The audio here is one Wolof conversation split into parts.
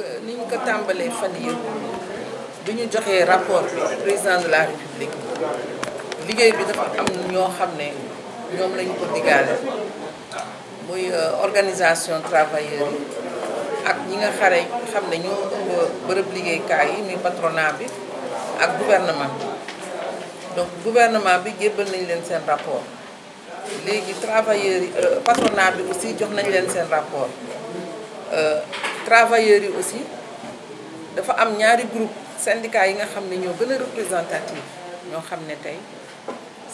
Euh, ni ñu ko tàmbalee fan du ñu joxee rapport bi président de la république liggéey bi dafa am ñoo xam ne ñoom lañ ko digaale muy euh, organisation travailleurs yi ak ñi nga xare xam ne ñoo bërëb liggéeykaay yi muy patronat bi ak gouvernement bi donc gouvernement bi jébbal nañ leen seen rapport léegi travailleurs yi euh, patronat bi aussi jox nañ leen seen rapport travailleurs aussi dafa am ñaari groupe syndicat yi nga xam ne ñoo gën a représentatif ñoo xam ne tey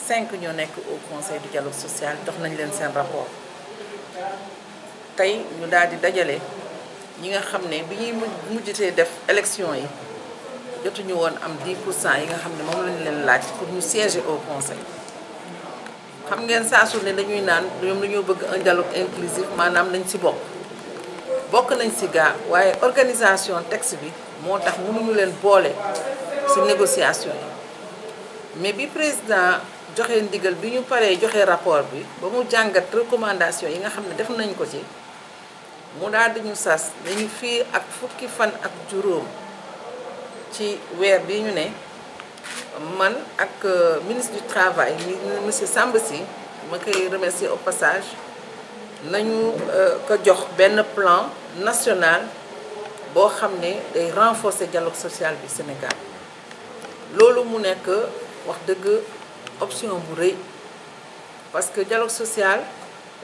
cinq ñoo nekk au conseil du dialogue social dox nañ leen seen rapport tey ñu daal di dajale ñi nga xam ne bi ñuy mujjatee def élection yi jotuñu woon am 10 pour cent yi nga xam ne moom leen laaj pour ñu siéger au conseil xam ngeen saa su ne dañuy naan ñoom dañoo bëgg un dialogue inclusif maanaam nañ ci bokk bokk nañ ci gaa waaye organisation texte bi moo tax mu mënuñu leen boole ci négociation yi mais bi président joxe ndigal bi ñu paree joxe rapport bi ba mu jàngat recommandation yi nga xam ne def nañ ko ci mu daal di ñu sas dañu fii ak fukki fan ak juróom ci weer bi ñu ne man ak euh, ministre du travail monsieur Samba si ma koy remercier au passage nañu euh, ko jox benn plan national boo xam ne day renforcer dialogue social bi Sénégal loolu mu nekk wax dëgg option bu rëy parce que dialogue social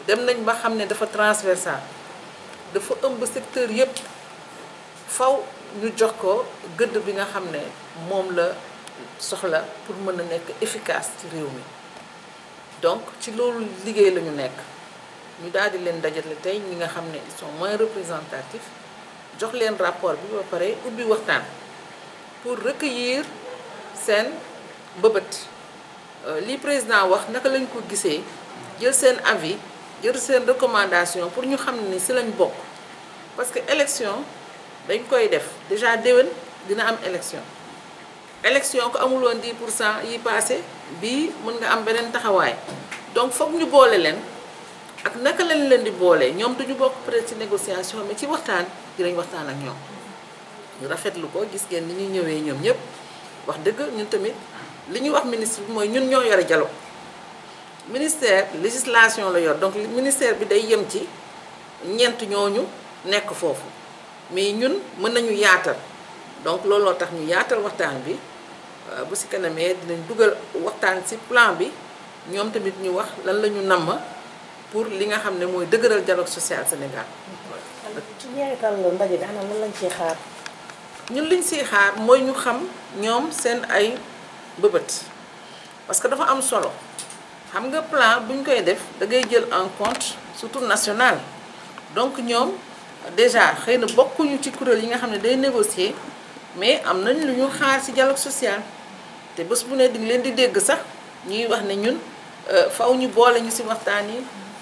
dem nañ ba xam ne dafa transversal dafa ëmb secteur yépp faw ñu jox ko gëdd bi nga xam ne moom la soxla pour mën a efficace ci réew mi donc ci loolu liggéey la ñu ñu daal di leen dajale tey ñi nga xam ne ils sont moins représentatifs jox leen rapport bi ba pare ubbi waxtaan pour recueillir seen bëbët euh, li président wax naka lañ ko gisee jël seen avis jël seen recommandation pour ñu xam ni si lañ bokk parce que élection dañ koy def déjà déwén dina am élection élection ko amuloon 10 pour cent yi passé bii mën nga am beneen taxawaay donc foog ñu boole leen ak naka lañ leen di boolee ñoom duñu bokk peut-être ci négociation mais ci waxtaan dinañ waxtaan ak ñoom ñu rafetlu ko gis ngeen ni ñuy ñëwee ñoom ñëpp wax dëgg ñun tamit li ñu wax ministre bi mooy ñun ñoo yore dialogue ministère législation la yor donc ministère bi day yem ci ñeent ñooñu nekk foofu mais ñun mën nañu yaatal donc looloo tax ñu yaatal waxtaan bi euh, bu si kanamee dinañ dugal waxtaan ci plan bi ñoom tamit ñu wax lan la ñu namm pour li nga xam ne mooy dëgëral dialogue social Sénégal. ci ñeental ndaje bi ana lan lañ ciy xaar. ñun liñ si xaar mooy ñu xam ñoom seen ay bëbët parce que dafa am solo xam nga plan buñ koy def da ngay jël en compte surtout nationale donc ñoom déjà xëy na bokkuñu ci kuréel yi nga xam ne day négocier mais am nañ luñu xaar ci dialogue social te bés bu ne di leen di dégg sax ñuy wax ne ñun euh, faw ñu boole ñu ci waxtaan yi.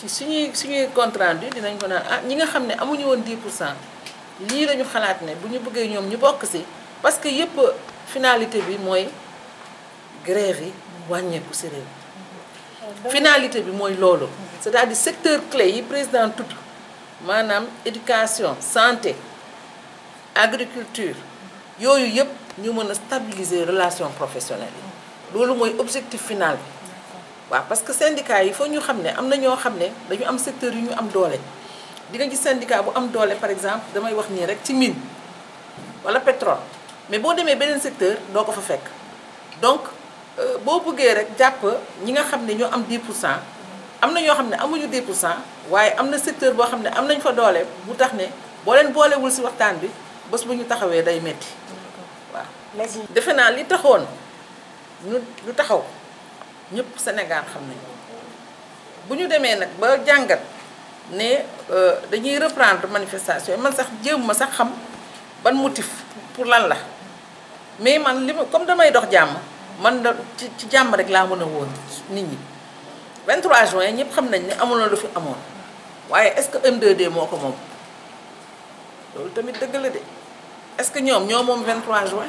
Si suñuy suñuy compte rendu dinañ ko naan ah, nga 10 pour cent lii la ñu ñu parce que la finalité est la grève La La finalité bi mooy c'est-à-dire que le secteur clé yi président tudd tout. éducation santé agriculture nous devons ñu stabiliser les relations professionnelles. C'est l'objectif final parce que syndicat il faut ñu xam ne am na dañu am secteur yu ñu am doole di nga syndicat bu am par exemple damay wax nii rek ci mine wala pétrole mais boo demee beneen secteur doo ko fa fekk donc euh, boo bëggee rek jàpp ñi nga am 10 pour cent am na amuñu 10 pour cent secteur boo xam ne am nañ fa doole bu tax ne boo leen boolewul si waxtaan bi bés bu ñu taxawee day metti waaw defe naa li taxoon ñu ñëpp Sénégal xam nañ bu ñu demee nag ba jàngat ne euh, dañuy reprendre manifestation man sax jéem ma sax xam ban motif pour lan la mais man li ma comme damay dox jàmm man la ci ci jàmm rek laa mën a woon nit ñi 23 juin ñëpp xam nañ ne amul lu fi amoon waaye est-ce que M2D moo ko moom loolu tamit dëgg la de est-ce que ñoom ñoo moom 23 juin.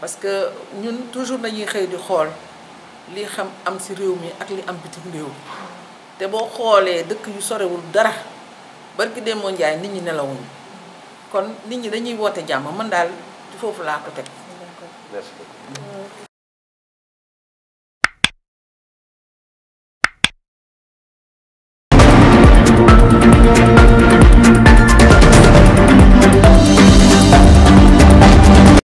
parce que ñun toujours dañuy xëy di xool li xam am ci réew mi ak li am bitim réew té bo xolé dëkk yu soré wul dara barki dé mo Ndiaye nit ñi nelawuñu kon nit ñi dañuy woote jamm man dal fofu la ko teg. merci beaucoup. Mm.